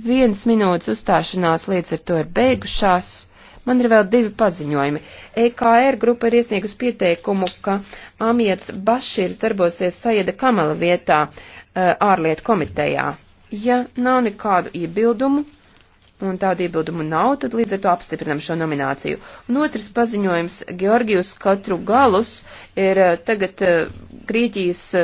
Vienas minūtes uzstāšanās lietas ar to ir beigušās. Man ir vēl divi paziņojumi. EKR grupa ir iesniegusi pieteikumu, ka Amiets Bašīrs darbosies Sajeda Kamala vietā eh, ārlietu komitejā. Ja nav nekādu iebildumu, un tādu iebildumu nav, tad līdz ar to apstiprinam šo nomināciju. Un otrs paziņojums Georgijus Katru Galus ir eh, tagad eh, Grieķijas